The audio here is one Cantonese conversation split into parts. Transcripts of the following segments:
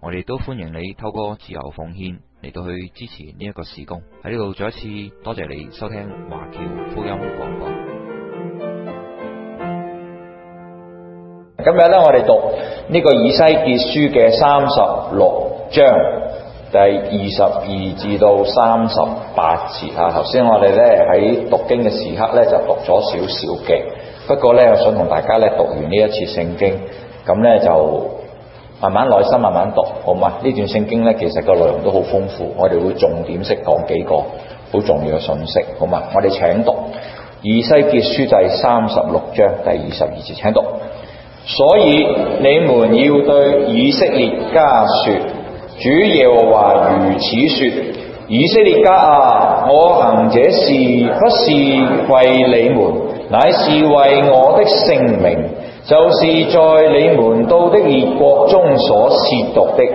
我哋都歡迎你透過自由奉獻嚟到去支持呢一個事工，喺呢度再一次多謝你收聽華僑福音廣播。今日咧我哋讀呢個以西結書嘅三十六章第二十二至到三十八節啊，頭先我哋咧喺讀經嘅時刻咧就讀咗少少嘅，不過咧我想同大家咧讀完呢一次聖經，咁咧就。慢慢耐心慢慢讀，好嘛？呢段聖經咧，其實個內容都好豐富，我哋會重點識講幾個好重要嘅信息，好嘛？我哋請讀以西結書第三十六章第二十二節，請讀。所以你們要對以色列家說，主耶和華如此說：以色列家啊，我行這事不是為你們，乃是為我的聖名。就是在你們到的列國中所褻瀆的，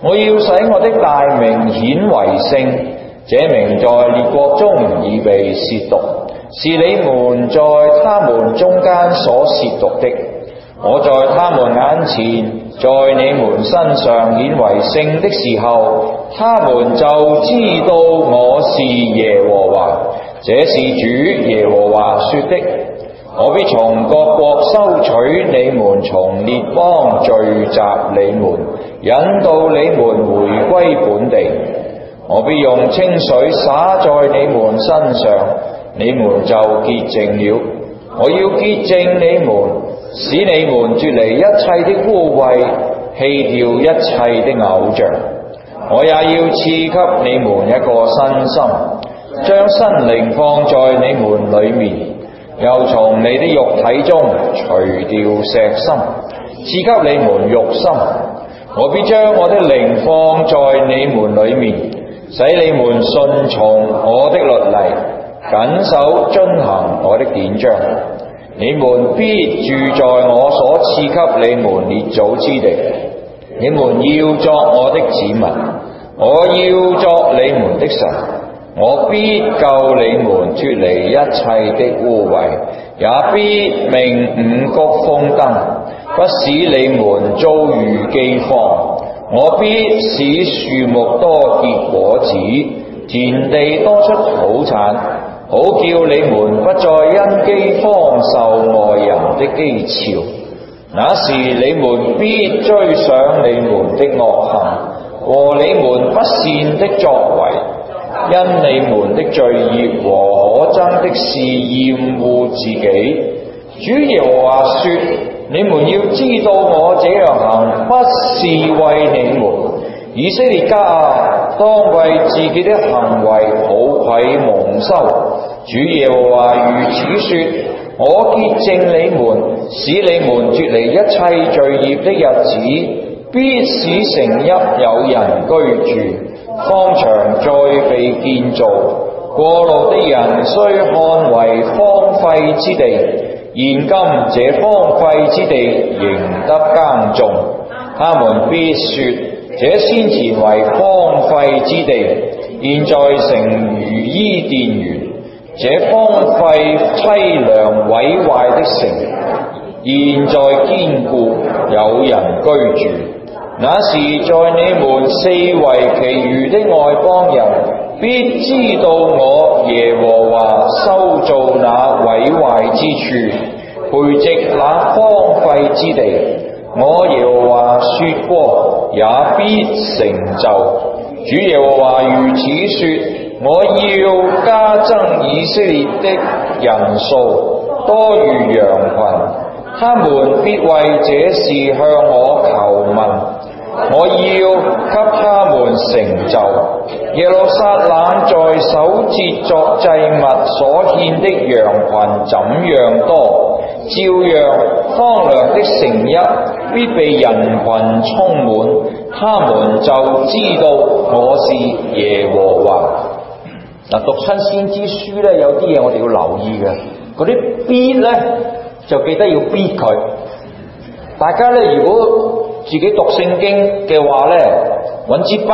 我要使我的大名顯為聖。這名在列國中已被褻瀆，是你們在他們中間所褻瀆的。我在他們眼前，在你們身上顯為聖的時候，他們就知道我是耶和華，這是主耶和華說的。我必從各國收取你們，從列邦聚集你們，引導你們回歸本地。我必用清水灑在你們身上，你們就潔淨了。我要潔淨你們，使你們脫離一切的污穢，棄掉一切的偶像。我也要賜給你們一個新心，將新靈放在你們裡面。又從你的肉體中除掉石心，賜給你們肉心。我必將我的靈放在你們裏面，使你們順從我的律例，謹守遵行我的典章。你們必住在我所賜給你們列祖之地。你們要作我的子民，我要作你們的神。我必救你們脫離一切的污穢，也必命五穀豐登，不使你們遭遇饑荒。我必使樹木多結果子，田地多出土產，好叫你們不再因饑荒受外人的譏誚。那時你們必追想你們的惡行和你們不善的作為。因你們的罪孽和可憎的事厭惡自己，主耶和華說：你們要知道我這樣行不是為你們，以色列家啊，當為自己的行為好愧蒙羞。主耶和華如此說：我潔淨你們，使你們脫離一切罪孽的日子，必使城邑有人居住。方場再被建造，過路的人雖看為荒廢之地，現今這荒廢之地仍得耕種。他們必說：這先前為荒廢之地，現在成如伊甸園。這荒廢淒涼毀壞的城，現在堅固，有人居住。那時在你們四圍其餘的外邦人，必知道我耶和華修造那毀壞之處，培植那荒廢之地。我耶和華說過也必成就。主耶和華如此說，我要加增以色列的人數，多如羊群。他們必為這事向我求問，我要給他們成就。耶路撒冷在守節作祭物所獻的羊群怎樣多？照樣荒涼的城邑必被人群充滿，他們就知道我是耶和華。嗱，讀親先知書咧，有啲嘢我哋要留意嘅，嗰啲必咧。就記得要逼佢。大家咧，如果自己讀聖經嘅話咧，揾支筆，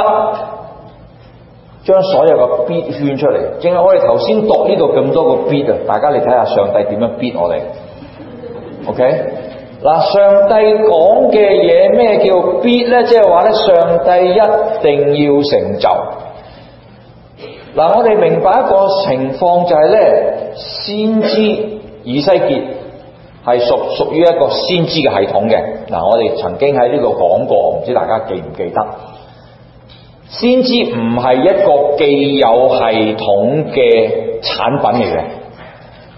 將所有個逼圈出嚟。正係我哋頭先讀呢度咁多個逼啊！大家嚟睇下上帝點樣逼我哋。OK，嗱，上帝講嘅嘢，咩叫逼咧？即係話咧，上帝一定要成就。嗱，我哋明白一個情況就係咧，先知以西結。係屬屬於一個先知嘅系統嘅。嗱，我哋曾經喺呢度講過，唔知大家記唔記得？先知唔係一個既有系統嘅產品嚟嘅，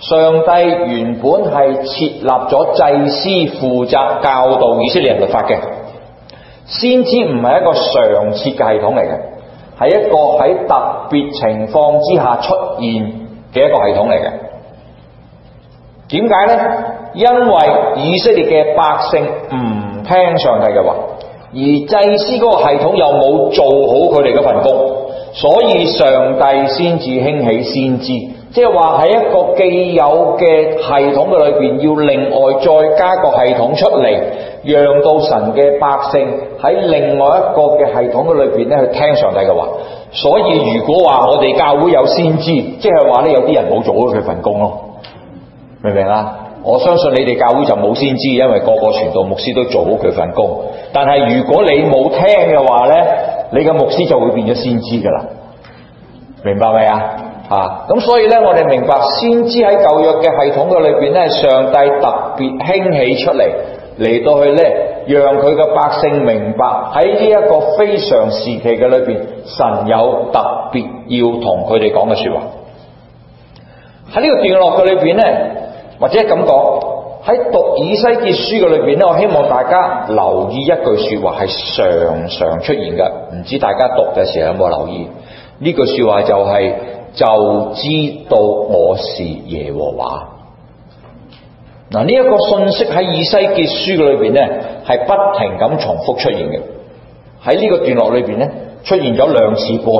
上帝原本係設立咗祭司負責教導以色列人律法嘅。先知唔係一個常設嘅系統嚟嘅，係一個喺特別情況之下出現嘅一個系統嚟嘅。點解呢？因為以色列嘅百姓唔聽上帝嘅話，而祭司嗰個系統又冇做好佢哋嗰份工，所以上帝先至興起先知，即係話喺一個既有嘅系統嘅裏邊，要另外再加個系統出嚟，讓到神嘅百姓喺另外一個嘅系統嘅裏邊咧去聽上帝嘅話。所以如果話我哋教會有先知，即係話咧有啲人冇做好佢份工咯，明唔明啊？我相信你哋教會就冇先知，因為個個傳道牧師都做好佢份工。但係如果你冇聽嘅話呢，你嘅牧師就會變咗先知㗎喇，明白未啊？啊，咁所以呢，我哋明白先知喺舊約嘅系統嘅裏邊呢，上帝特別興起出嚟嚟到去呢，讓佢嘅百姓明白喺呢一個非常時期嘅裏邊，神有特別要同佢哋講嘅說話。喺呢個段落嘅裏邊呢。或者咁講喺讀以西結書嘅裏邊咧，我希望大家留意一句説話係常常出現嘅。唔知大家讀嘅時候有冇留意呢句説話、就是？就係就知道我是耶和華嗱。呢、這、一個信息喺以西結書嘅裏邊咧，係不停咁重複出現嘅喺呢個段落裏邊咧出現咗兩次半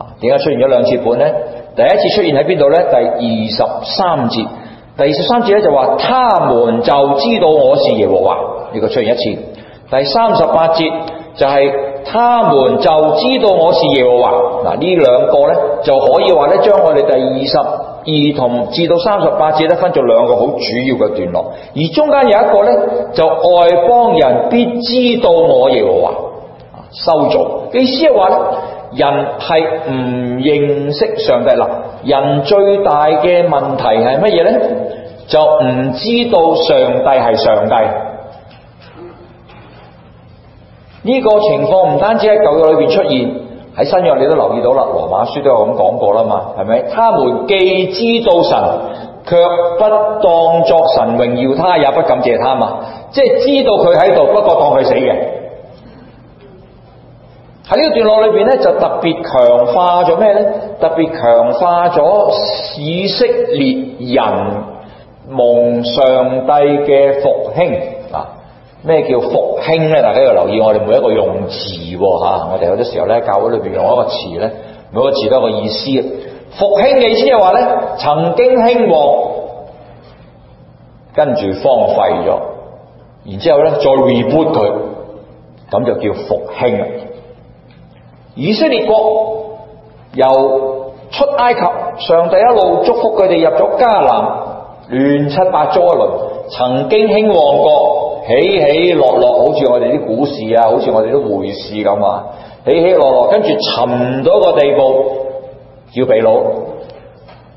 啊。點解出現咗兩次半咧？第一次出現喺邊度咧？第二十三節。第二十三節咧就話，他們就知道我是耶和華。呢、這個出現一次。第三十八節就係、是、他們就知道我是耶和華。嗱呢兩個呢，就可以話呢，將我哋第二十二同至到三十八節呢，分做兩個好主要嘅段落。而中間有一個呢、就是，就外邦人必知道我耶和華。收咗意思係話呢。人係唔認識上帝啦，人最大嘅問題係乜嘢呢？就唔知道上帝係上帝。呢、這個情況唔單止喺舊約裏邊出現，喺新約你都留意到啦，《羅馬書》都有咁講過啦嘛，係咪？他們既知道神，卻不當作神榮耀他，也不感謝他嘛，即係知道佢喺度，不過當佢死嘅。喺呢個段落裏邊咧，就特別強化咗咩咧？特別強化咗以色列人望上帝嘅復興啊！咩叫復興咧？大家要留意我哋每一個用詞喎、啊、我哋有啲時候咧，教會裏邊用一個詞咧，每個字都有個意思。復興嘅意思就話咧，曾經興旺，跟住荒廢咗，然之後咧再 reboot 佢，咁就叫復興。以色列國由出埃及，上帝一路祝福佢哋入咗迦南，亂七八糟一輪，曾經興旺過，起起落落，好似我哋啲股市啊，好似我哋啲匯市咁啊，起起落落，跟住沉到個地步要被擄。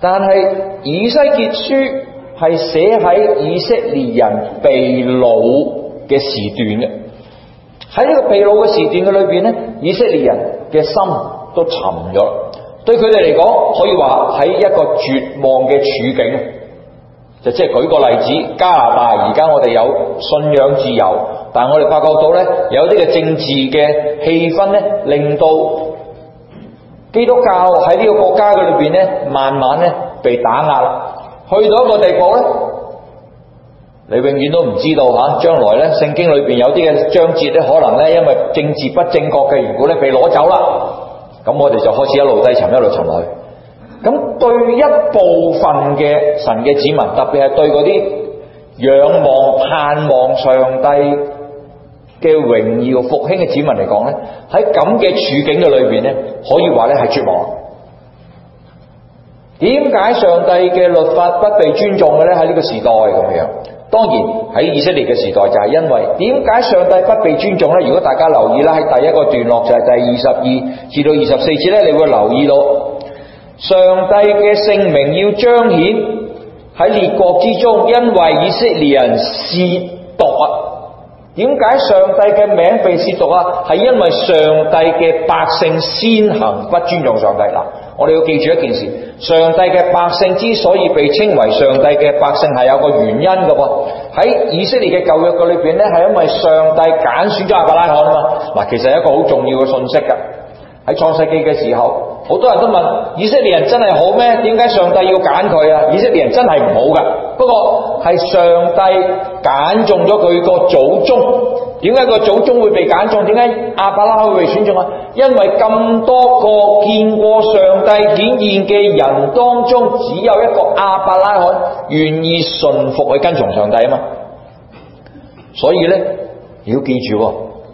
但係以西結書係寫喺以色列人被擄嘅時段嘅。喺呢個被擄嘅時段嘅裏邊咧，以色列人嘅心都沉咗。對佢哋嚟講，可以話喺一個絕望嘅處境。就即係舉個例子，加拿大而家我哋有信仰自由，但係我哋發覺到咧，有啲嘅政治嘅氣氛咧，令到基督教喺呢個國家嘅裏邊咧，慢慢咧被打壓。去到一個地步咧。你永遠都唔知道嚇，將、啊、來咧聖經裏邊有啲嘅章節咧，可能咧因為政治不正確嘅緣故咧，被攞走啦。咁我哋就開始一路低沉、一路沉落去。咁對一部分嘅神嘅子民，特別係對嗰啲仰望盼望上帝嘅榮耀復興嘅子民嚟講咧，喺咁嘅處境嘅裏邊咧，可以話咧係絕望。點解上帝嘅律法不被尊重嘅咧？喺呢個時代咁樣。當然喺以色列嘅時代就係因為點解上帝不被尊重呢？如果大家留意啦，喺第一個段落就係第二十二至到二十四節咧，你會留意到上帝嘅聖名要彰顯喺列國之中，因為以色列人褻瀆啊！點解上帝嘅名被褻瀆啊？係因為上帝嘅百姓先行不尊重上帝嗱。我哋要記住一件事。上帝嘅百姓之所以被稱為上帝嘅百姓係有個原因嘅噃，喺以色列嘅舊約嘅裏邊咧，係因為上帝揀選咗亞伯拉罕啊嘛。嗱，其實係一個好重要嘅信息㗎。喺創世紀嘅時候，好多人都問，以色列人真係好咩？點解上帝要揀佢啊？以色列人真係唔好噶。不過，係上帝揀中咗佢個祖宗。點解個祖宗會被揀中？點解阿伯拉罕會被選中啊？因為咁多個見過上帝顯現嘅人當中，只有一個阿伯拉罕願意順服去跟從上帝啊嘛。所以咧，你要記住，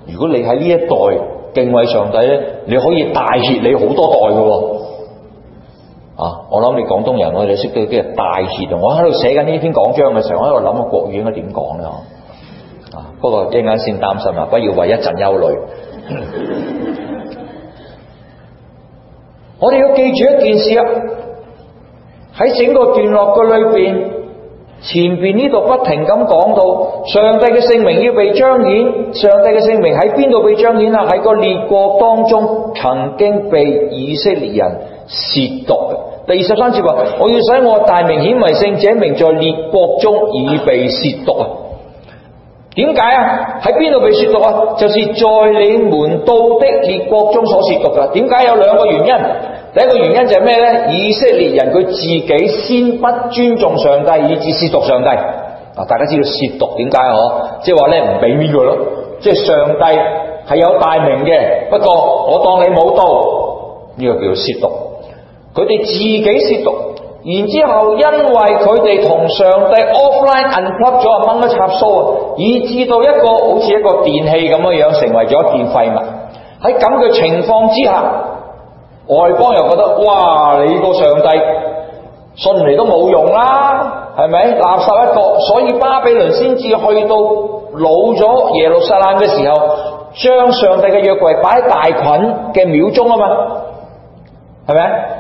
如果你喺呢一代敬畏上帝咧，你可以大協你好多代噶。啊，我諗你廣東人，我哋識到啲人大協啊！我喺度寫緊呢篇講章嘅時候，我喺度諗個國語應該點講咧？啊！不過啱啱先擔心啊，不要為一陣憂慮。 我哋要記住一件事啊！喺整個段落嘅裏邊，前邊呢度不停咁講到上帝嘅聖名要被彰顯，上帝嘅聖名喺邊度被彰顯啊？喺個列國當中曾經被以色列人褻瀆。第二十三節話：我要使我大名顯為聖，這名在列國中已被褻瀆啊！點解啊？喺邊度被褻瀆啊？就是在你們到的列國中所褻瀆噶啦。點解有兩個原因？第一個原因就係咩咧？以色列人佢自己先不尊重上帝，以至褻瀆上帝。啊，大家知道褻瀆點解嗬？即係話咧，唔俾呢個咯。即係上帝係有大名嘅，不過我當你冇到，呢個叫做褻瀆。佢哋自己褻瀆。然之後，因為佢哋同上帝 offline unplugged 咗掹咗插蘇啊，以至到一個好似一個電器咁樣樣，成為咗一件廢物。喺咁嘅情況之下，外邦又覺得哇，你個上帝信嚟都冇用啦，係咪垃圾一個？所以巴比倫先至去到擄咗耶路撒冷嘅時候，將上帝嘅約櫃擺喺大袞嘅廟中啊嘛，係咪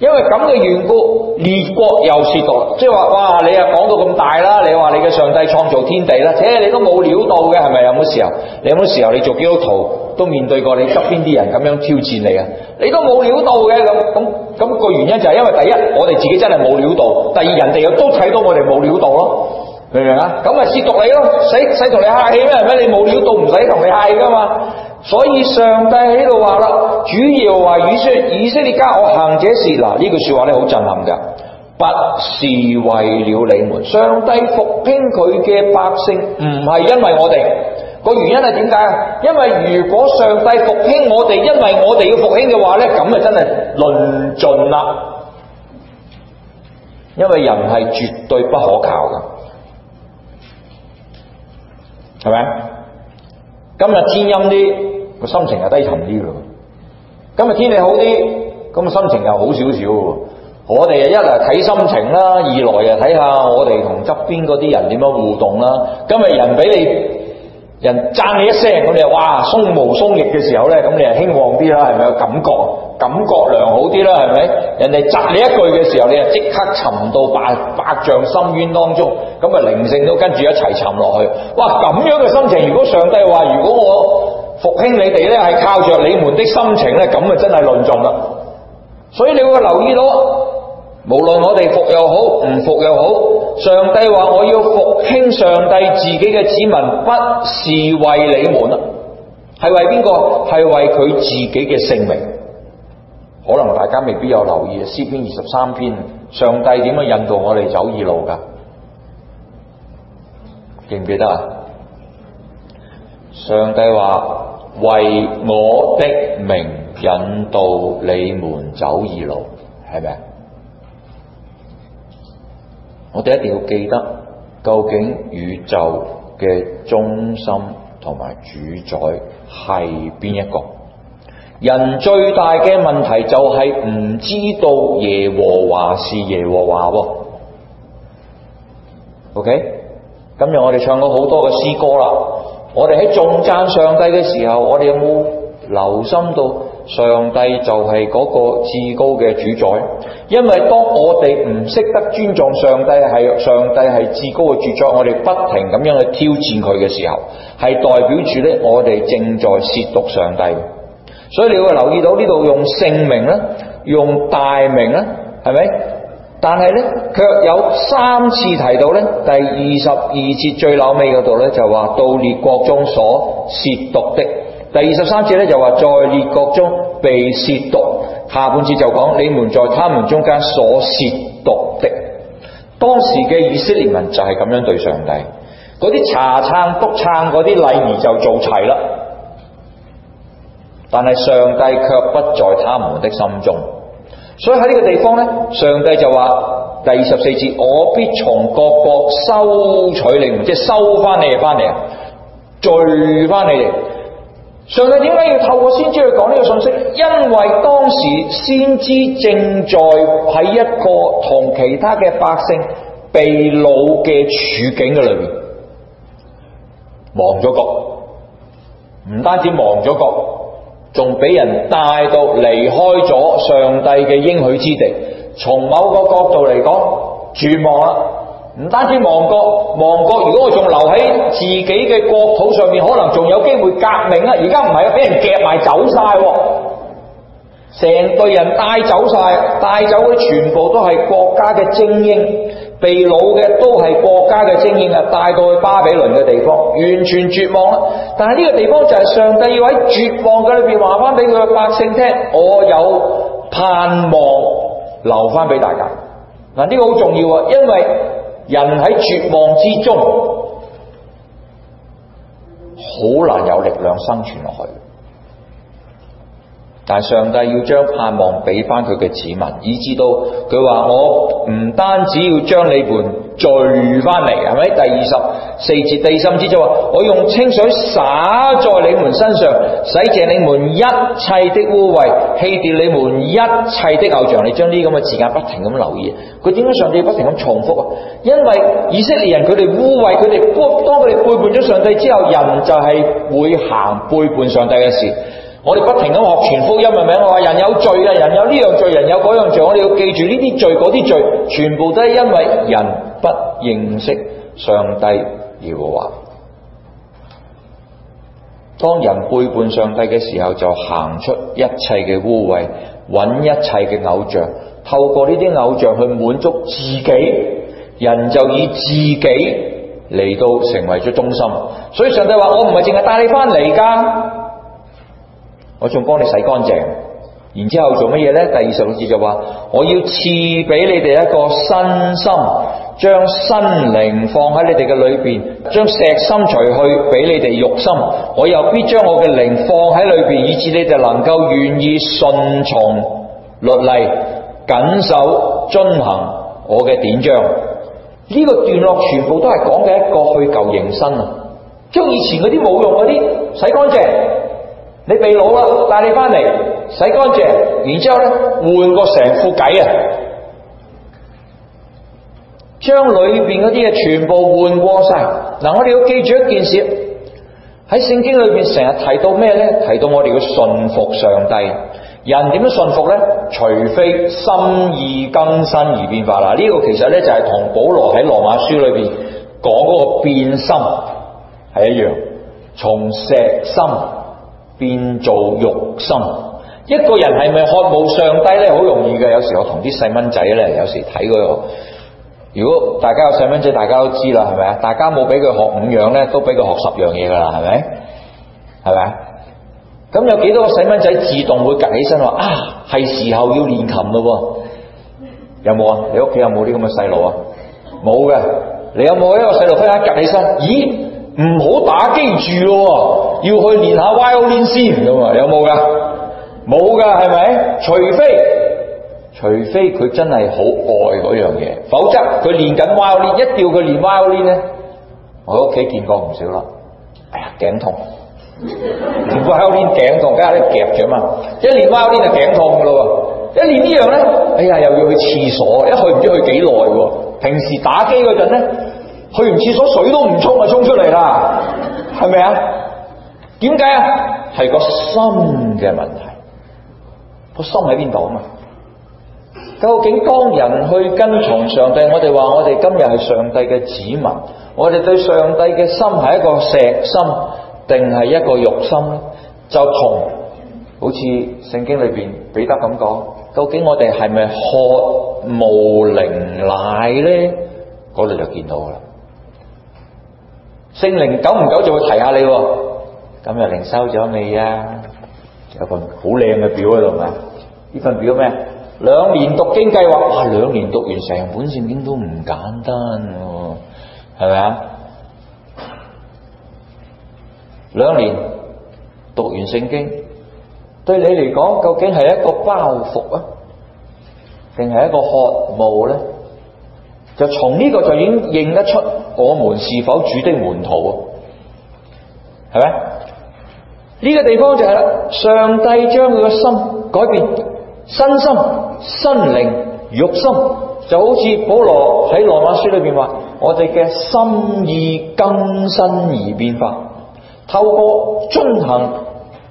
因為咁嘅緣故，列國又褻瀆。即係話，哇！你又講到咁大啦，你話你嘅上帝創造天地啦，且、哎、你都冇料到嘅，係咪？有冇嘅時候，你有冇嘅時候，你做基督徒都面對過，你側邊啲人咁樣挑戰你啊！你都冇料到嘅。咁咁咁，個原因就係因為第一，我哋自己真係冇料到；第二，人哋又都睇到我哋冇料到咯。明唔明啊？咁咪褻瀆你咯，使使同你客氣咩？係咪？你冇料到唔使同你客氣噶嘛？所以上帝喺度話啦，主要話以色列，以色列家我行這事。嗱，呢句說話咧好震撼噶，不是為了你們。上帝復興佢嘅百姓唔係因為我哋，個原因係點解啊？因為如果上帝復興我哋，因為我哋要復興嘅話咧，咁啊真係論盡啦，因為人係絕對不可靠噶。係咪？今日天陰啲，個心情又低沉啲咯。今日天氣好啲，咁啊心情又好少少。我哋啊一嚟睇心情啦，二來啊睇下我哋同側邊嗰啲人點樣互動啦。今日人俾你人讚你一聲，咁你啊，哇，鬆毛鬆翼嘅時候咧，咁你啊興旺啲啦，係咪有感覺？感覺良好啲啦，係咪？人哋窒你一句嘅時候，你啊即刻沉到百百丈深淵當中，咁啊靈性都跟住一齊沉落去。哇！咁樣嘅心情，如果上帝話：如果我復興你哋呢，係靠著你們的心情呢，咁啊真係論眾盡啦。所以你會留意到，無論我哋復又好，唔復又好，上帝話我要復興上帝自己嘅子民，不是為你們啊，係為邊個？係為佢自己嘅性命。可能大家未必有留意《詩篇》二十三篇，上帝點樣引導我哋走義路噶？記唔記得啊？上帝話：為我的名引導你們走義路，係咪啊？我哋一定要記得，究竟宇宙嘅中心同埋主宰係邊一個？人最大嘅問題就係唔知道耶和華是耶和華。Okay，今日我哋唱咗好多嘅詩歌啦。我哋喺頌讚上帝嘅時候，我哋有冇留心到上帝就係嗰個至高嘅主宰？因為當我哋唔識得尊重上帝係上帝係至高嘅主宰，我哋不停咁樣去挑戰佢嘅時候，係代表住咧我哋正在褻瀆上帝。所以你會留意到呢度用聖名啦，用大名啦，係咪？但係呢，卻有三次提到呢，第二十二節最，最後尾嗰度呢，就話到列國中所褻瀆的，第二十三節呢，就話在列國中被褻瀆，下半節就講你們在他們中間所褻瀆的。當時嘅以色列民就係咁樣對上帝，嗰啲查撐督撐嗰啲禮儀就做齊啦。但係上帝卻不在他們的心中，所以喺呢個地方咧，上帝就話第二十四節：我必從各國收取你們，即係收翻你啊，翻嚟啊，聚翻你嚟。上帝點解要透過先知去講呢個信息？因為當時先知正在喺一個同其他嘅百姓被擄嘅處境嘅裏面，亡咗國，唔單止亡咗國。仲俾人帶到離開咗上帝嘅應許之地，從某個角度嚟講，絕望啦！唔單止亡國，亡國如果我仲留喺自己嘅國土上面，可能仲有機會革命啊！而家唔係啊，俾人夾埋走晒，成隊人帶走晒，帶走嘅全部都係國家嘅精英。被擄嘅都係國家嘅精英啊，帶到去巴比倫嘅地方，完全絕望啦。但係呢個地方就係上帝要喺絕望嘅裏邊話翻俾佢嘅百姓聽，我有盼望留翻俾大家。嗱，呢個好重要啊，因為人喺絕望之中好難有力量生存落去。但上帝要將盼望俾翻佢嘅子民，以至到佢話我唔單止要將你們聚翻嚟，係咪？第二十四節第二十五節就話，我用清水灑在你們身上，洗淨你們一切的污穢，棄掉你們一切的偶像。你將呢咁嘅字眼不停咁留意，佢點解上帝不停咁重複啊？因為以色列人佢哋污穢，佢哋當當佢哋背叛咗上帝之後，人就係會行背叛上帝嘅事。我哋不停咁學全福音嘅名。我話人有罪啊，人有呢樣罪，人有嗰樣罪，罪，我哋要記住呢啲罪、嗰啲罪，全部都係因為人不認識上帝而話。當人背叛上帝嘅時候，就行出一切嘅污穢，揾一切嘅偶像，透過呢啲偶像去滿足自己，人就以自己嚟到成為咗中心。所以上帝話：我唔係淨係帶你翻嚟噶。我仲幫你洗乾淨，然之後做乜嘢呢？第二十六節就話：我要賜俾你哋一個新心，將新靈放喺你哋嘅裏邊，將石心除去，俾你哋肉心。我又必將我嘅靈放喺裏邊，以致你哋能夠願意順從律例，謹守遵行我嘅典章。呢、這個段落全部都係講嘅一個去舊迎新啊！將以前嗰啲冇用嗰啲洗乾淨。你未老啦，帶你翻嚟洗乾淨，然之後咧換過成副計啊，將裏邊嗰啲嘢全部換過晒。嗱，我哋要記住一件事，喺聖經裏邊成日提到咩咧？提到我哋要信服上帝。人點樣信服咧？除非心意更新而變化。嗱，呢個其實咧就係同保羅喺羅馬書裏邊講嗰個變心係一樣，從石心。變做肉心，一個人係咪渴慕上帝咧？好容易嘅。有時我同啲細蚊仔咧，有時睇度。如果大家有細蚊仔，大家都知啦，係咪啊？大家冇俾佢學五樣咧，都俾佢學十樣嘢㗎啦，係咪？係咪啊？咁有幾多個細蚊仔自動會趌起身話，啊，係時候要練琴咯喎！有冇啊？你屋企有冇啲咁嘅細路啊？冇嘅，你有冇一個細路忽然趌起身？咦？唔好打機住咯，要去練下 violin 先咁啊！有冇噶？冇噶，係咪？除非除非佢真係好愛嗰樣嘢，否則佢練緊 violin，一叫佢練 violin 咧，我屋企見過唔少啦。哎呀，頸痛， 練 violin 頸痛，梗係喺度夾著啊嘛，一練 violin 就頸痛噶咯。一練呢樣咧，哎呀，又要去廁所，一去唔知去幾耐喎。平時打機嗰陣咧。去完廁所水都唔沖啊，就沖出嚟啦，係咪啊？點解啊？係個心嘅問題，個心喺邊度啊？嘛？究竟當人去跟從上帝，我哋話我哋今日係上帝嘅子民，我哋對上帝嘅心係一個石心，定係一個肉心咧？就同好似聖經裏邊彼得咁講，究竟我哋係咪渴慕靈奶咧？嗰度就見到啦。聖靈久唔久就會提下你喎，咁又靈修咗未啊？有份好靚嘅表喺度嘛？呢份表咩？兩年讀經計劃，哇！兩年讀完成本聖經都唔簡單喎，係咪啊？兩年讀完聖經，對你嚟講究竟係一個包袱啊，定係一個渴慕咧？就從呢個就已經認得出我們是否主的門徒啊，係咪？呢、呢個地方就係啦，上帝將佢嘅心改變，新心、新靈、肉心，就好似保羅喺羅馬書裏邊話：我哋嘅心意更新而變化，透過遵行、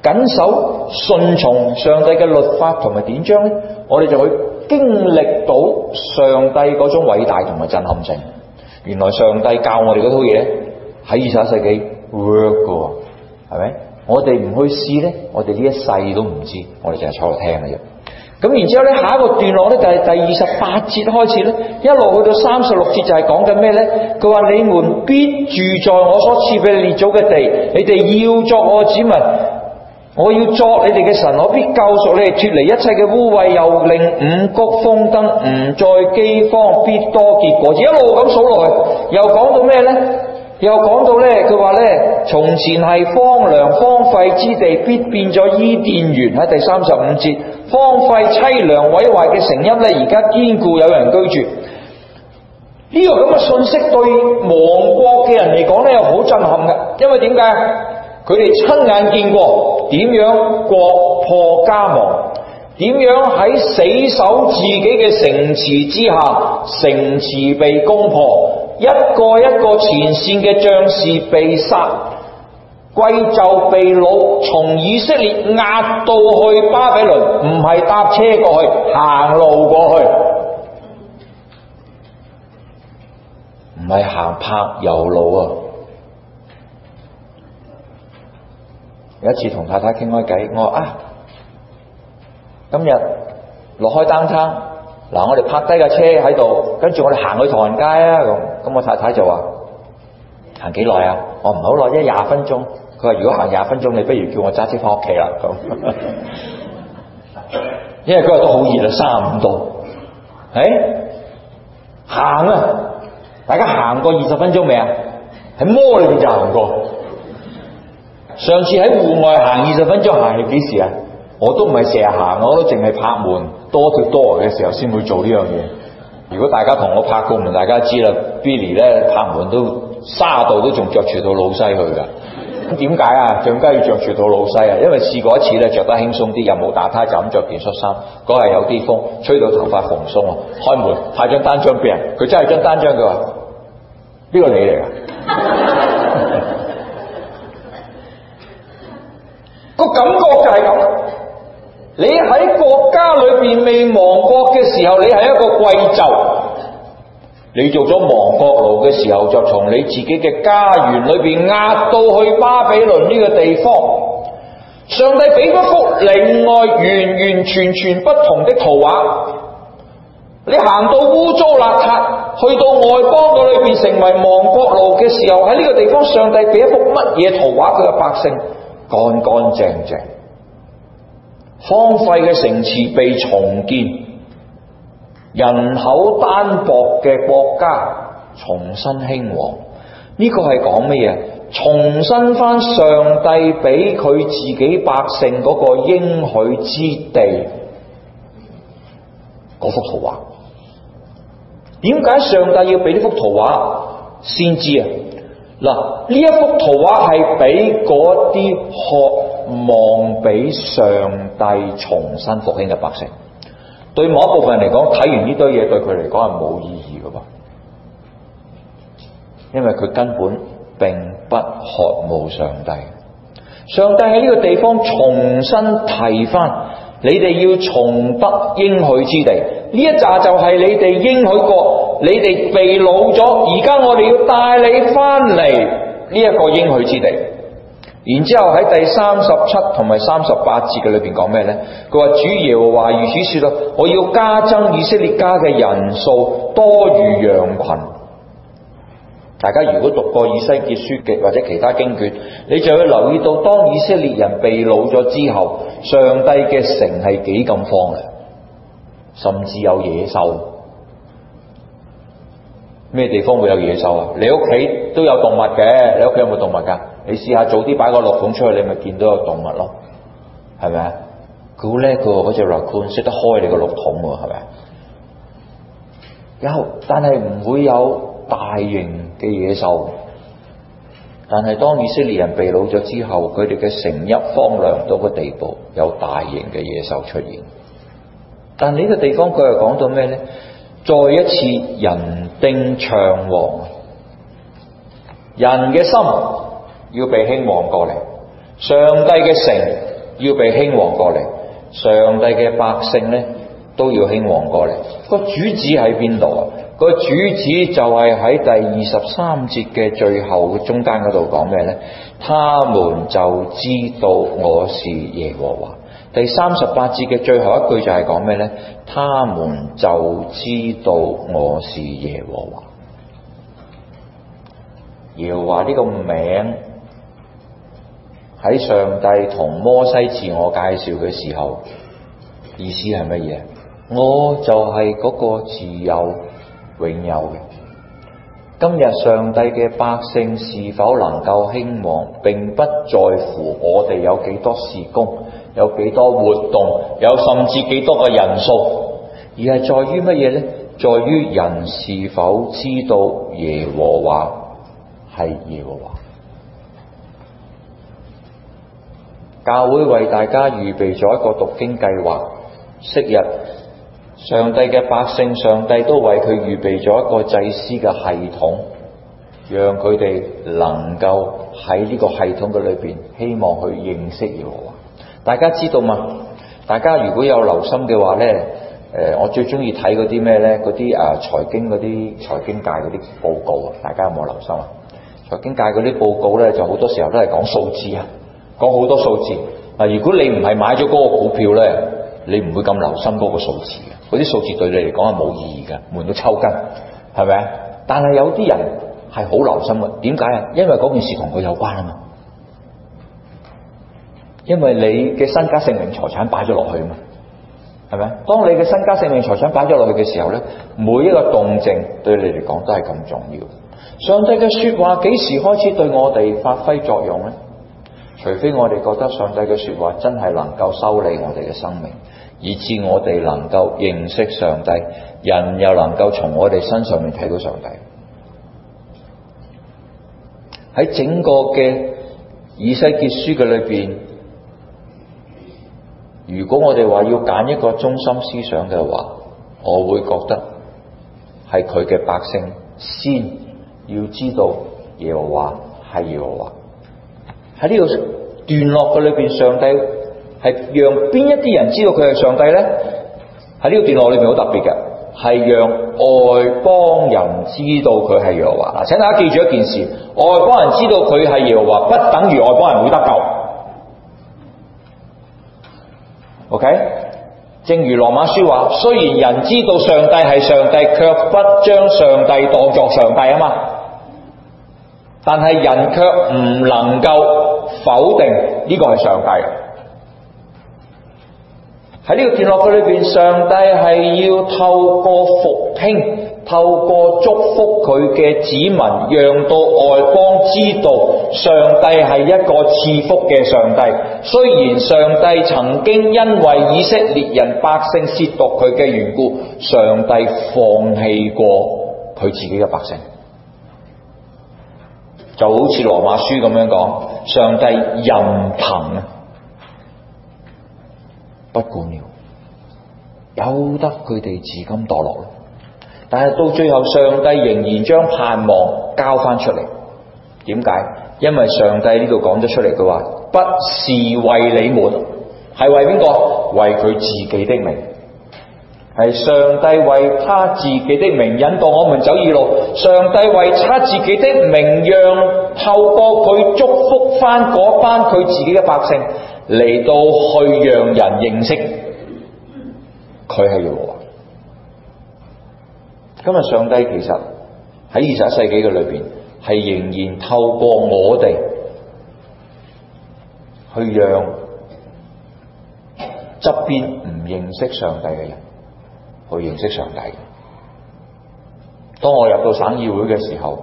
謹守、順從上帝嘅律法同埋典章咧，我哋就會。經歷到上帝嗰種偉大同埋震撼性，原來上帝教我哋嗰套嘢，喺二十一世紀 work 噶係咪？我哋唔去試咧，我哋呢一世都唔知，我哋淨係坐喺度聽嘅啫。咁然之後咧，下一個段落咧，就係，第第二十八節開始咧，一路去到三十六節就係講緊咩咧？佢話你們必住在我所賜俾列祖嘅地，你哋要作我子民。我要作你哋嘅神，我必救贖你，脫離一切嘅污穢，又令五穀豐登，唔再飢荒，必多結果。一路咁數落去，又講到咩咧？又講到咧，佢話咧，從前係荒涼荒廢之地，必變咗伊甸園，喺第三十五節。荒廢淒涼毀壞嘅成因咧，而家堅固有人居住，呢個咁嘅信息，對亡國嘅人嚟講咧，又好震撼嘅，因為點解？佢哋親眼見過。點樣國破家亡？點樣喺死守自己嘅城池之下，城池被攻破，一個一個前線嘅將士被殺，貴胄被擄，從以色列壓到去巴比倫，唔係搭車過去，行路過去，唔係行柏油路啊！有一次同太太傾開偈，我話啊，今日落開單車嗱，我哋泊低架車喺度，跟住我哋行去唐人街啊咁。咁、啊啊、我太太就話行幾耐啊？我唔好耐啫，廿分鐘。佢話，如果行廿分鐘，你不如叫我揸車翻屋企啦咁。因為嗰日都好熱啊，三十五度。誒、欸，行啊！大家行過二十分鐘未啊？喺魔裏邊就行過。上次喺戶外行二十分鐘，行係幾時啊？我都唔係成日行，我都淨係拍門，多脱多嘅時候先會做呢樣嘢。如果大家同我拍過門，大家知啦。 Billy 咧拍門都卅度都仲着住套老西去㗎。咁點解啊？更加要着住套老西啊？因為試過一次咧，着得輕鬆啲，又冇打呔，就咁着件恤衫。嗰日有啲風，吹到頭髮蓬鬆啊！開門派張單張俾人，佢真係張單張佢話，呢個你嚟㗎。 喺國家裏邊未亡國嘅時候，你係一個貴族；你做咗亡國奴嘅時候，就從你自己嘅家園裏邊壓到去巴比倫呢個地方。上帝俾幅另外完完全全不同的圖畫。你行到污糟邋遢，去到外邦嘅裏邊成為亡國奴嘅時候，喺呢個地方，上帝俾一幅乜嘢圖畫？佢嘅百姓乾乾淨淨。荒廢嘅城池被重建，人口單薄嘅國家重新興旺，呢、呢個係講乜嘢？重新翻上帝俾佢自己百姓嗰個應許之地，嗰幅圖畫。點解上帝要俾呢幅圖畫先知啊？嗱，呢一幅圖畫係俾嗰啲學。望俾上帝重新復興嘅百姓，對某一部分人嚟講，睇完呢堆嘢對佢嚟講係冇意義噶噃，因為佢根本並不渴慕上帝。上帝喺呢個地方重新提翻，你哋要重得應許之地，呢一扎就係你哋應許國，你哋被擄咗，而家我哋要帶你翻嚟呢一個應許之地。然之後喺第三十七同埋三十八節嘅裏邊講咩呢？佢話主耶和華如此説咯：我要加增以色列家嘅人數多於羊群。大家如果讀過《以西結書》嘅或者其他經卷，你就會留意到，當以色列人被擄咗之後，上帝嘅城係幾咁荒嘅，甚至有野獸。咩地方會有野獸啊？你屋企都有動物嘅，你屋企有冇動物噶？你試下早啲擺個綠桶出去，你咪見到有動物咯，係咪啊？佢叻噶，嗰隻 Raccoon 識得開你個綠桶喎，啊，係咪？有，但係唔會有大型嘅野獸。但係當以色列人被擄咗之後，佢哋嘅城邑荒涼到個地步，有大型嘅野獸出現。但呢個地方佢又講到咩咧？再一次人丁興旺，人嘅心要被興旺過嚟，上帝嘅城要被興旺過嚟，上帝嘅百姓咧都要興旺過嚟。個主旨喺邊度啊？個主旨就係喺第二十三節嘅最後中間嗰度講咩咧？他們就知道我是耶和華。第三十八節嘅最後一句就係講咩呢？「他們就知道我是耶和華。」耶和華呢個名喺上帝同摩西自我介紹嘅時候，意思係乜嘢？我就係嗰個自由、永有嘅。今日上帝嘅百姓是否能夠興旺，並不在乎我哋有幾多事功。有幾多活動，有甚至幾多個人數，而係在於乜嘢呢？在於人是否知道耶和華係耶和華。教會為大家預備咗一個讀經計劃，昔日上帝嘅百姓，上帝都為佢預備咗一個祭司嘅系統，讓佢哋能夠喺呢個系統嘅裏邊，希望去認識耶和華。大家知道嘛？大家如果有留心嘅話咧，誒、呃，我最中意睇嗰啲咩咧？嗰啲啊財經嗰啲財經界嗰啲報告啊，大家有冇留心啊？財經界嗰啲報告咧，就好多時候都係講數字啊，講好多數字。啊。如果你唔係買咗嗰個股票咧，你唔會咁留心嗰個數字嘅，嗰啲數字對你嚟講係冇意義嘅，悶到抽筋，係咪啊？但係有啲人係好留心嘅，點解啊？因為嗰件事同佢有關啊嘛。因為你嘅身家性命財產擺咗落去嘛，係咪？當你嘅身家性命財產擺咗落去嘅時候呢，每一個動靜對你嚟講都係咁重要。上帝嘅說話幾時開始對我哋發揮作用呢？除非我哋覺得上帝嘅說話真係能夠修理我哋嘅生命，以致我哋能夠認識上帝，人又能夠從我哋身上面睇到上帝。喺整個嘅以西結書嘅裏邊。如果我哋話要揀一個中心思想嘅話，我會覺得係佢嘅百姓先要知道耶和華係耶和華。喺呢個段落嘅裏邊，上帝係讓邊一啲人知道佢係上帝咧？喺呢個段落裏邊好特別嘅，係讓外邦人知道佢係耶和華。請大家記住一件事：外邦人知道佢係耶和華，不等於外邦人會得救。OK，正如羅馬書話，雖然人知道上帝係上帝，卻不將上帝當作上帝啊嘛。但係人卻唔能夠否定呢個係上帝。喺呢個段落嘅裏邊，上帝係要透過復興。透過祝福佢嘅子民，讓到外邦知道上帝係一個賜福嘅上帝。雖然上帝曾經因為以色列人百姓褻瀆佢嘅緣故，上帝放棄過佢自己嘅百姓，就好似羅馬書咁樣講，上帝任憑啊，不管了，由得佢哋自甘墮落。但係到最後，上帝仍然將盼望交翻出嚟。點解？因為上帝呢度講咗出嚟嘅話，不是為你們，係為邊個？為佢自己的名。係上帝為他自己的名引導我們走義路。上帝為他自己的名，讓透過佢祝福翻班佢自己嘅百姓嚟到去讓人認識佢係如何。今日上帝其實喺二十一世紀嘅裏邊係仍然透過我哋去讓側邊唔認識上帝嘅人去認識上帝。當我入到省議會嘅時候，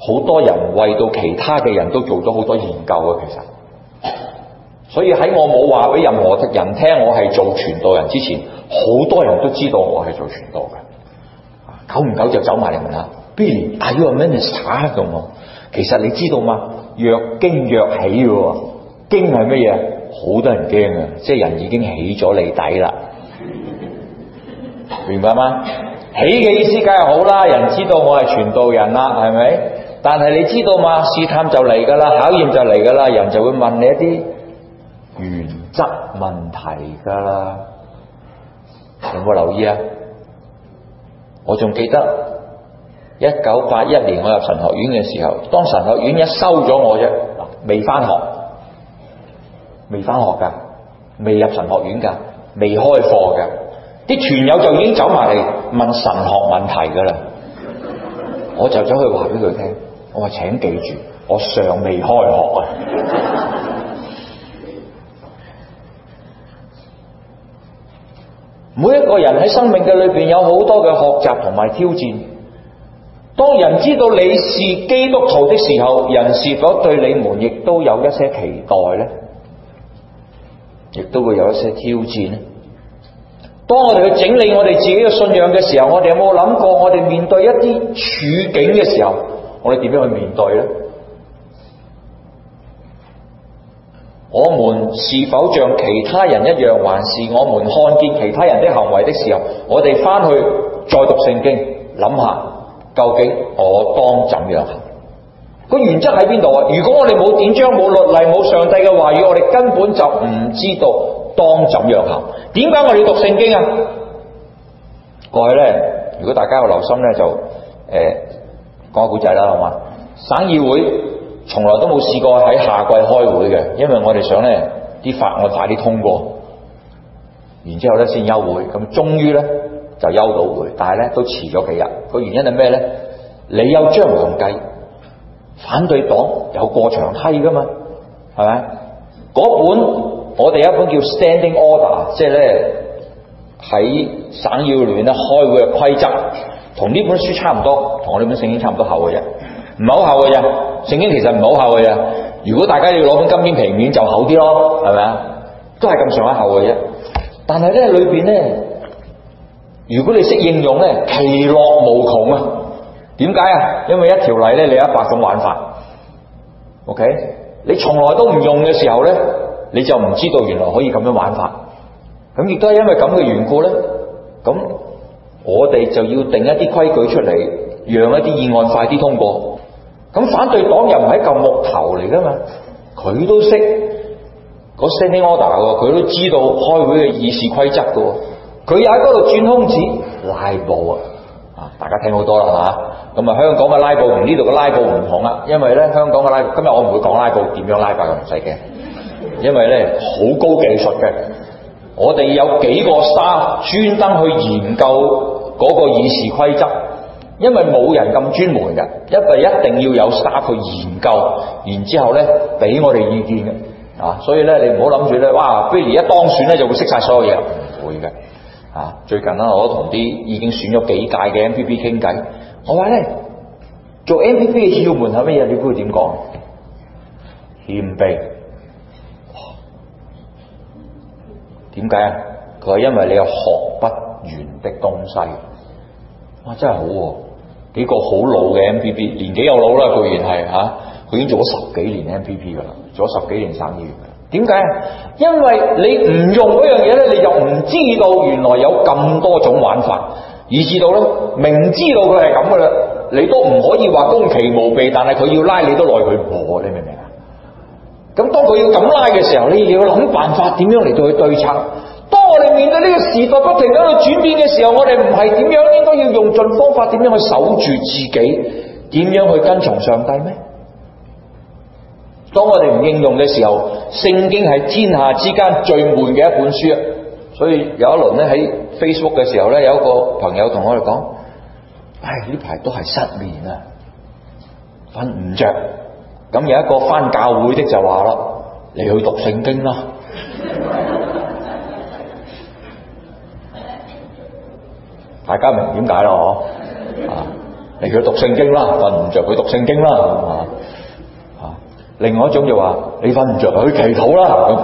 好多人為到其他嘅人都做咗好多研究啊。其實，所以喺我冇話俾任何人聽，我係做傳道人之前，好多人都知道我係做傳道嘅。久唔久就走埋嚟問下 Billy, are you a minister？同我，其實你知道嗎？若驚若起嘅，驚係乜嘢？好多人驚嘅，即係人已經起咗你底啦。 明白嗎？起嘅意思梗係好啦，人知道我係全道人啦，係咪？但係你知道嘛？試探就嚟噶啦，考驗就嚟噶啦，人就會問你一啲原則問題噶啦。有冇留意啊？我仲記得一九八一年我入神學院嘅時候，當神學院一收咗我啫，未返學，未返學㗎，未入神學院㗎，未開課㗎，啲團友就已經走埋嚟問神學問題㗎啦。我就走去話俾佢聽，我話請記住，我尚未開學啊。 每一個人喺生命嘅裏邊有好多嘅學習同埋挑戰。當人知道你是基督徒的時候，人是否對你們亦都有一些期待呢？亦都會有一些挑戰呢。當我哋去整理我哋自己嘅信仰嘅時候，我哋有冇諗過，我哋面對一啲處境嘅時候，我哋點樣去面對呢？我們是否像其他人一樣，還是我們看見其他人的行為的時候，我哋返去再讀聖經，諗下究竟我當怎樣行？個原則喺邊度啊？如果我哋冇典章、冇律例、冇上帝嘅話語，我哋根本就唔知道當怎樣行。點解我哋要讀聖經啊？過去呢，如果大家有留心呢，就誒、呃、講個古仔啦，好嘛？省議會。從來都冇試過喺夏季開會嘅，因為我哋想咧啲法案快啲通過，然之後咧先休會。咁終於咧就休到會，但係咧都遲咗幾日。個原因係咩咧？你有張良計，反對黨有過牆梯噶嘛？係咪？嗰本我哋一本叫 Standing Order，即係咧喺省要聯咧開會嘅規則，同呢本書差唔多，同我呢本聖經差唔多厚嘅啫。唔係好厚嘅啫，聖經其實唔係好厚嘅啫。如果大家要攞本金邊皮面，就厚啲咯，係咪啊？都係咁上下厚嘅啫。但係咧裏邊咧，如果你識應用咧，其樂無窮啊！點解啊？因為一條例咧，你有一百種玩法。OK，你從來都唔用嘅時候咧，你就唔知道原來可以咁樣玩法。咁亦都係因為咁嘅緣故咧，咁我哋就要定一啲規矩出嚟，讓一啲議案快啲通過。咁反對黨又唔係一嚿木頭嚟噶嘛？佢都識個 Standing Order 喎，佢都知道開會嘅議事規則嘅喎。佢又喺嗰度轉空子拉布啊！啊，大家聽好多啦嚇。咁啊，香港嘅拉布同呢度嘅拉布唔同啦，因為咧香港嘅拉布，今日我唔會講拉布點樣拉法嘅，唔使驚。因為咧好高技術嘅，我哋有幾個沙專登去研究嗰個議事規則。因為冇人咁專門嘅，一係一定要有沙去研究，然之後咧俾我哋意見嘅啊，所以咧你唔好諗住咧，哇不如你一當選咧就會識曬所有嘢，唔會嘅啊！最近啦，我都同啲已經選咗幾屆嘅 M P P 傾偈，我話咧做 M P P 嘅竅門係乜嘢？你估點講？謙卑。點解啊？佢話因為你有學不完的東西。哇，真係好喎，啊！幾個好老嘅 M P P，年紀又老啦，固然係吓，佢、啊、已經做咗十幾年 M P P 噶啦，做咗十幾年省議員嘅。點解？因為你唔用嗰樣嘢咧，你就唔知道原來有咁多種玩法，而至到咧，明知道佢係咁噶啦，你都唔可以話攻其無備，但係佢要拉你都奈佢唔何，你明唔明啊？咁當佢要咁拉嘅時候，你要諗辦法點樣嚟對佢對策。當我哋面對呢個時代不停喺度轉變嘅時候，我哋唔係點樣應該要用盡方法，點樣去守住自己，點樣去跟從上帝咩？當我哋唔應用嘅時候，聖經係天下之間最悶嘅一本書啊！所以有一輪咧喺 Facebook 嘅時候咧，有一個朋友同我哋講：唉，呢排都係失眠啊，瞓唔着。咁有一個返教會的就話咯：你去讀聖經啦。 大家明點解咯？啊，你去讀聖經啦，瞓唔着去讀聖經啦、啊。啊，另外一種就話、是、你瞓唔着去祈禱啦咁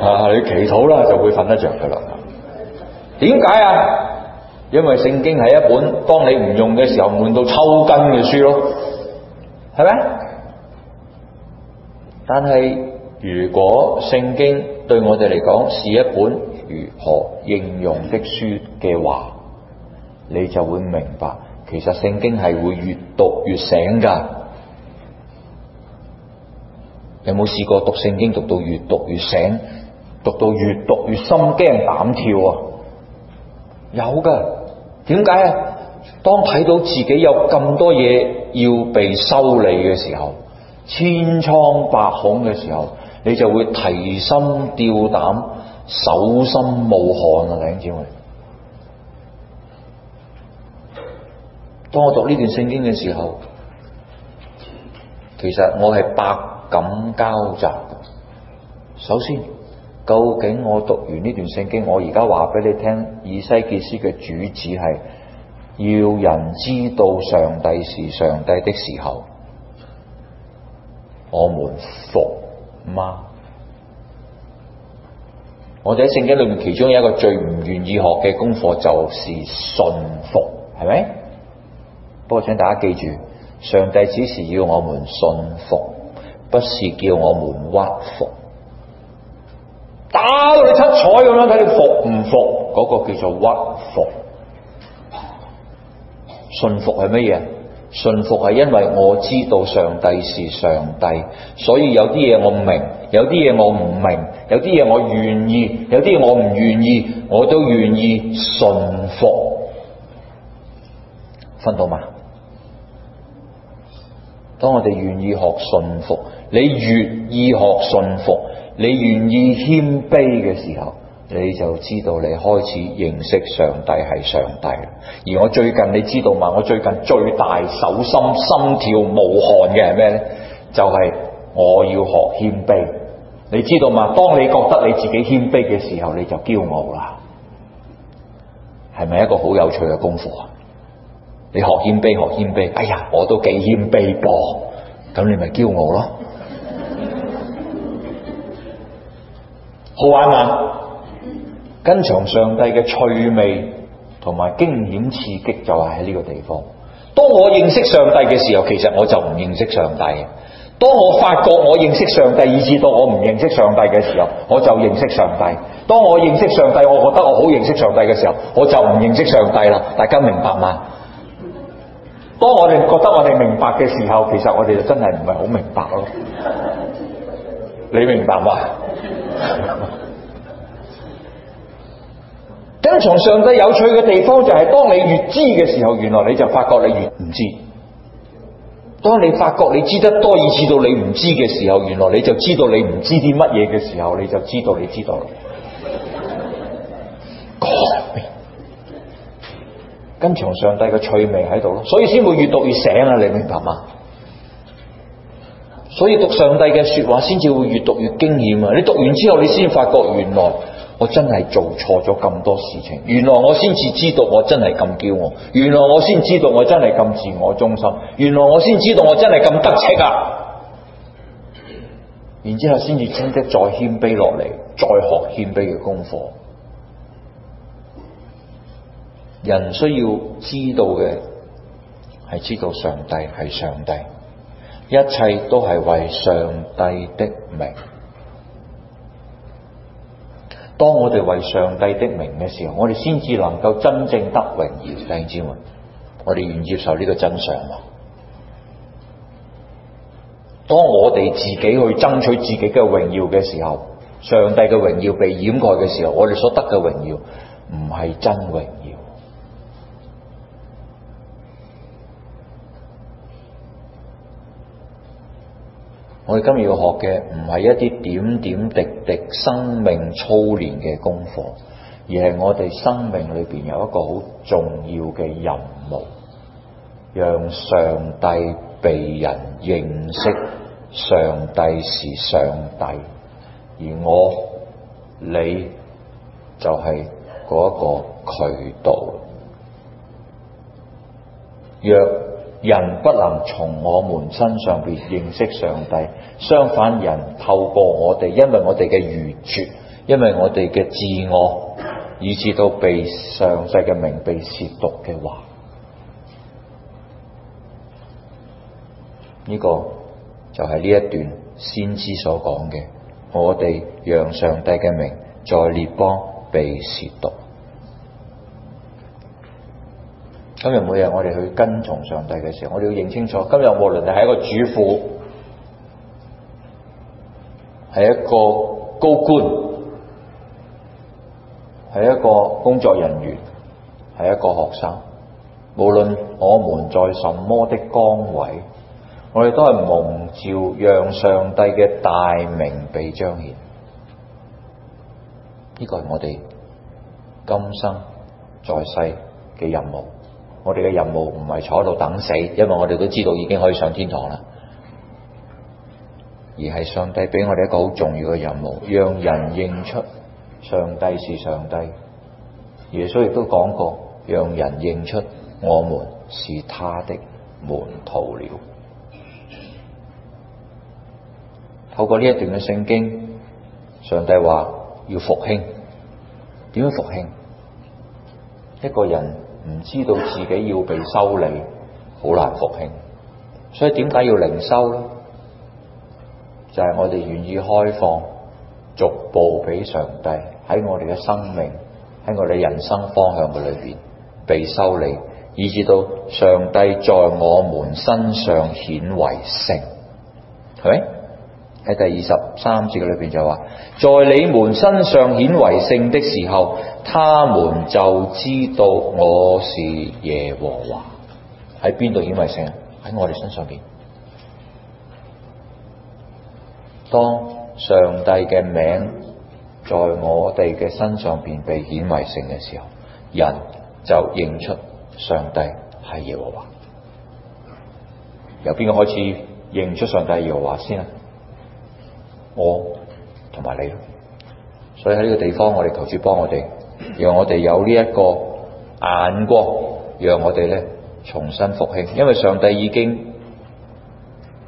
啊，你祈禱啦就會瞓得着嘅啦。點解啊,啊,啊？因為聖經係一本當你唔用嘅時候悶到抽筋嘅書咯，係咪？但係如果聖經對我哋嚟講是一本如何應用的書嘅話，你就會明白，其實聖經係會越讀越醒噶。你有冇試過讀聖經讀到越讀越醒，讀到越讀越心驚膽跳啊？有嘅，點解啊？當睇到自己有咁多嘢，要被修理嘅時候，千瘡百孔嘅時候，你就會提心吊膽、手心冒汗啊！頂住我當我讀呢段聖經嘅時候，其實我係百感交集。首先，究竟我讀完呢段聖經，我而家話俾你聽，以西結書嘅主旨係要人知道上帝是上帝的時候，我們服嗎？我哋喺聖經裏面，其中有一個最唔願意學嘅功課，就是順服，係咪？我想大家記住，上帝只是要我們信服，不是叫我們屈服。打到你七彩咁樣睇你服唔服，嗰個叫做屈服。信服係乜嘢？信服係因為我知道上帝是上帝，所以有啲嘢我唔明，有啲嘢我唔明，有啲嘢我願意，有啲嘢我唔願意，我都願意信服。分到嘛？當我哋願意學信服，你願意學信服，你願意謙卑嘅時候，你就知道你開始認識上帝係上帝。而我最近你知道嘛？我最近最大手心心跳冒汗嘅係咩呢？就係、是、我要學謙卑。你知道嘛？當你覺得你自己謙卑嘅時候，你就驕傲啦。係咪一個好有趣嘅功課啊？你學謙卑，學謙卑。哎呀，我都幾謙卑噃。咁你咪驕傲咯，好玩嘛？跟從上帝嘅趣味同埋驚險刺激就係喺呢個地方。當我認識上帝嘅時候，其實我就唔認識上帝。當我發覺我認識上帝，以至到我唔認識上帝嘅時候，我就認識上帝。當我認識上帝，我覺得我好認識上帝嘅時候，我就唔認識上帝啦。大家明白嗎？當我哋覺得我哋明白嘅時候，其實我哋就真係唔係好明白咯。你明白嗎？咁 從上帝有趣嘅地方就係，當你越知嘅時候，原來你就發覺你越唔知。當你發覺你知得多，以致到你唔知嘅時候，原來你就知道你唔知啲乜嘢嘅時候，你就知道你知道。跟從上帝嘅趣味喺度咯，所以先會越讀越醒啊！你明白嗎？所以讀上帝嘅說話，先至會越讀越驚險啊！你讀完之後，你先發覺原來我真係做錯咗咁多事情，原來我先至知道我真係咁驕傲，原來我先知道我真係咁自我中心，原來我先知道我真係咁得戚啊！然之後先至真的再謙卑落嚟，再學謙卑嘅功課。人需要知道嘅係知道上帝係上帝，一切都係為上帝的名。當我哋為上帝的名嘅時候，我哋先至能夠真正得榮耀。弟兄們，我哋願意接受呢個真相。當我哋自己去爭取自己嘅榮耀嘅時候，上帝嘅榮耀被掩蓋嘅時候，我哋所得嘅榮耀唔係真榮。我哋今日要學嘅唔係一啲點點滴滴生命操練嘅功課，而係我哋生命裏邊有一個好重要嘅任務，讓上帝被人認識，上帝是上帝，而我你就係嗰一個渠道。若人不能從我們身上邊認識上帝，相反人，人透過我哋，因為我哋嘅愚拙，因為我哋嘅自我，以至到被上帝嘅名被褻瀆嘅話，呢、這個就係呢一段先知所講嘅，我哋讓上帝嘅名在列邦被褻瀆。今日每日我哋去跟從上帝嘅時候，我哋要認清楚。今日無論你係一個主婦，係一個高官，係一個工作人員，係一個學生，無論我們在什麼的崗位，我哋都係蒙召讓上帝嘅大名被彰顯。呢個係我哋今生在世嘅任務。我哋嘅任務唔係坐喺度等死，因為我哋都知道已經可以上天堂啦。而係上帝俾我哋一個好重要嘅任務，讓人認出上帝是上帝。耶穌亦都講過，讓人認出我們是他的門徒了。透過呢一段嘅聖經，上帝話要復興，點樣復興？一個人。唔知道自己要被修理，好難復興。所以點解要靈修咧？就係我哋願意開放，逐步俾上帝喺我哋嘅生命，喺我哋人生方向嘅裏邊被修理，以至到上帝在我們身上顯為聖。係咪？喺第二十三節嘅裏邊就話，在你們身上顯為聖的時候。他們就知道我是耶和華，喺邊度顯為聖？喺我哋身上邊。當上帝嘅名在我哋嘅身上邊被顯為聖嘅時候，人就認出上帝係耶和華。由邊個開始認出上帝係耶和華先啊？我同埋你。所以喺呢個地方，我哋求主幫我哋。讓我哋有呢一個眼光，讓我哋咧重新復興。因為上帝已經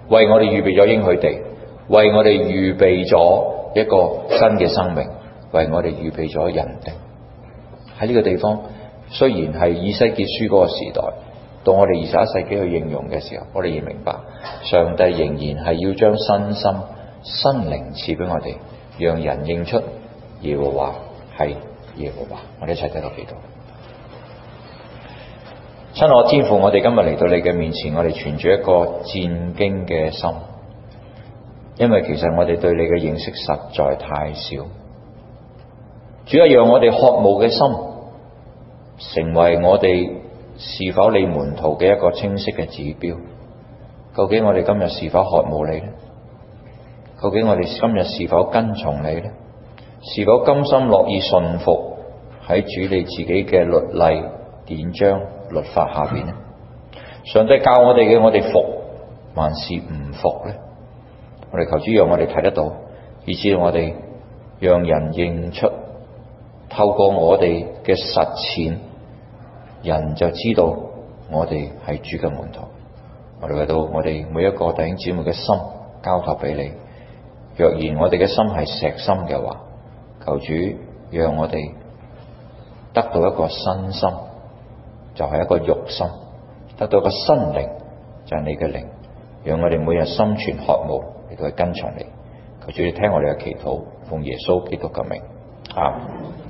為我哋預備咗應許地，為我哋預備咗一個新嘅生命，為我哋預備咗人定喺呢個地方。雖然係以西結書嗰個時代，到我哋二十一世紀去應用嘅時候，我哋要明白，上帝仍然係要將新心、新靈賜俾我哋，讓人認出耶和華係耶和華，我哋一齊睇到幾多？親，我天父，我哋今日嚟到你嘅面前，我哋存住一個戰兢嘅心，因為其實我哋對你嘅認識實在太少。主要讓我哋渴慕嘅心，成為我哋是否你門徒嘅一個清晰嘅指標。究竟我哋今日是否渴慕你？究竟我哋今日是否跟從你咧？是否甘心樂意信服？喺主你自己嘅律例典章律法下邊，上帝教我哋嘅，我哋服還是唔服咧？我哋求主讓我哋睇得到，以至我哋讓人認出，透過我哋嘅實踐，人就知道我哋係主嘅門徒。我哋為到我哋每一個弟兄姊妹嘅心交託俾你。若然我哋嘅心係石心嘅話，求主讓我哋。得到一個新心，就係、是、一個肉心；得到個新靈，就係、是、你嘅靈。讓我哋每日心存渴慕，亦都係跟從你。求主你聽我哋嘅祈禱，奉耶穌基督嘅名啊！